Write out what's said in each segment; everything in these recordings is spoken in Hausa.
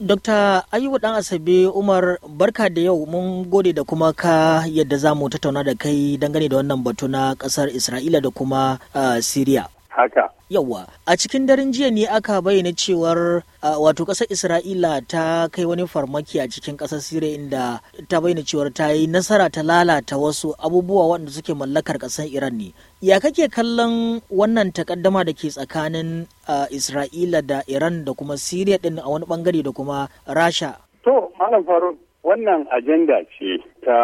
Dokta Ayuba Dan Asabe Umar barka da yau mun gode da kuma ka yadda za mu tattauna da kai dangane da wannan batu na kasar Isra'ila da kuma uh, Siriya. haka yawa a cikin daren jiya ne aka bayyana cewar wato ƙasar isra'ila ta kai wani farmaki a cikin ƙasar siriya inda ta bayyana cewar ta yi nasara ta lalata wasu abubuwa waɗanda suke mallakar ƙasar iran ne ya kake kallon wannan takaddama da ke tsakanin isra'ila da iran da kuma siriya ɗin a wani bangare da kuma rasha to malam faruk wannan ajanda ce ta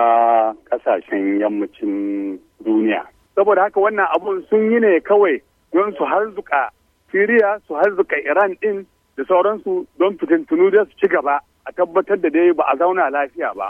ƙasashen yammacin duniya saboda haka wannan abu sun yi ne kawai don su harzuka Siriya su harzuka Iran din da sauransu don fitintunu da su ci gaba a tabbatar da dai ba a zauna lafiya ba.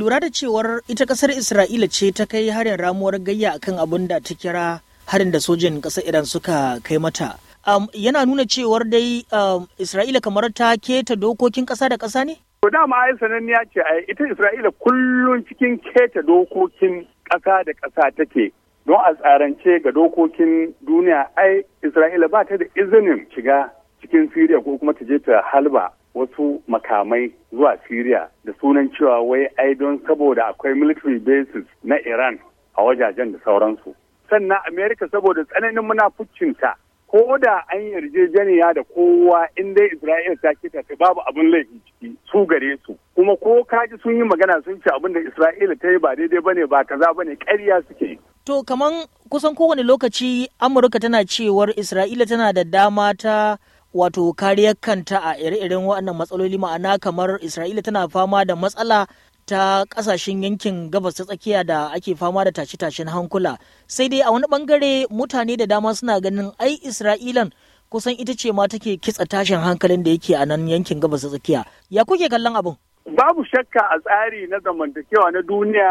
lura da cewar ita kasar Isra'ila ce ta kai harin ramuwar gayya akan abin da ta kira harin da sojin kasar Iran suka kai mata. Um, yana nuna cewar dai um, Isra'ila kamar ta keta dokokin ƙasa da ƙasa ne? To dama ai sananniya ce ai ita Isra'ila kullum cikin keta dokokin ƙasa da ƙasa take. don a tsarance ga dokokin duniya ai isra'ila ba ta da izinin shiga cikin siriya ko kuma ta je ta halba wasu makamai zuwa siriya da sunan cewa wai ai don saboda akwai military bases na iran a wajajen da sauransu sannan Amerika saboda tsananin munafucinta ko da an yarjejeniya da kowa in dai Isra'ila ta kita ta babu abin laifi ciki su gare su kuma ko kaji sun yi magana sun ce abin da Isra'ila ta yi ba daidai bane ba kaza bane karya suke To kamar kusan kowane lokaci Amurka tana cewar Isra'ila tana da dama ta wato kariyar kanta a ire-iren waɗannan matsaloli ma'ana kamar Isra'ila tana fama da matsala ta ƙasashen yankin gabas ta tsakiya da ake fama da tashe-tashen hankula sai dai a wani ɓangare mutane da dama suna ganin ai isra'ilan kusan ita ce ma take kitsa tashin hankalin da yake a nan yankin gabas ta tsakiya ya kuke kallon abin babu shakka a tsari na zamantakewa na duniya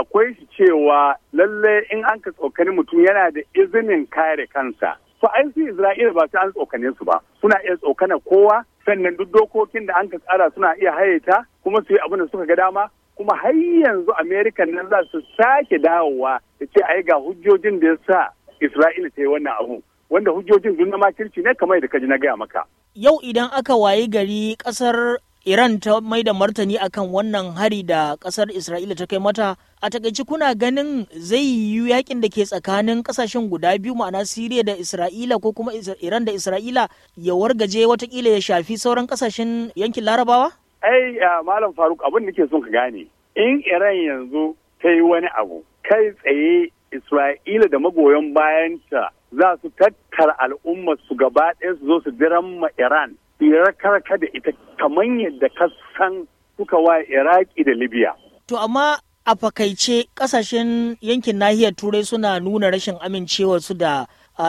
akwai shi cewa lalle in an ka tsokani mutum yana da izinin kare kansa to ai su Isra'ila ba su an tsokane su ba suna iya tsokana kowa sannan duk dokokin da an ka tsara suna iya hayata kuma su yi abin da suka ga dama kuma har yanzu Amerika nan za su sake dawowa da ce ai ga hujjojin da ya sa Isra'ila ta yi wannan abu wanda hujjojin duk na makirci ne kamar da kaji na gaya maka. Yau idan aka wayi gari kasar Iran ta mai da martani akan wannan hari da kasar Isra'ila ta kai mata a takaici kuna ganin zai yi yakin da ke tsakanin ƙasashen guda biyu ma'ana Siriya da Isra'ila ko kuma Iran da Isra'ila ya wargaje watakila ya shafi sauran ƙasashen yankin Larabawa? Ai malam Faruk abin da ke son ka gane in Iran yanzu ta yi wani abu kai tsaye Isra'ila da magoyan bayanta za su tattara al'umma su gaba ɗaya su zo su diramma Iran su karka da ita kamar yadda ka san suka wa Iraki da Libya. To amma a fakaice kasashen yankin nahiyar turai suna nuna rashin amincewarsu da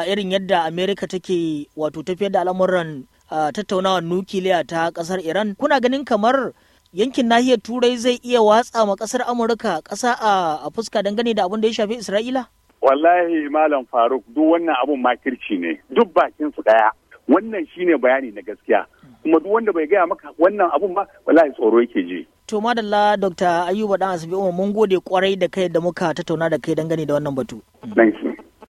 irin yadda Amerika take wato tafiyar da al'amuran tattaunawar nukiliya ta kasar Iran kuna ganin kamar yankin nahiyar turai zai iya watsa ma kasar amurka kasa a fuska dangane da abin da ya shafi isra'ila wallahi malam faruk duk wannan abun makirci ne duk bakin su daya wannan shine bayani na gaskiya kuma duk wanda bai gaya maka wannan abun ba wallahi tsoro yake ji to madalla dr ayuba dan asibi umar mun gode kwarai da kai da muka tattauna da kai dangane da wannan batu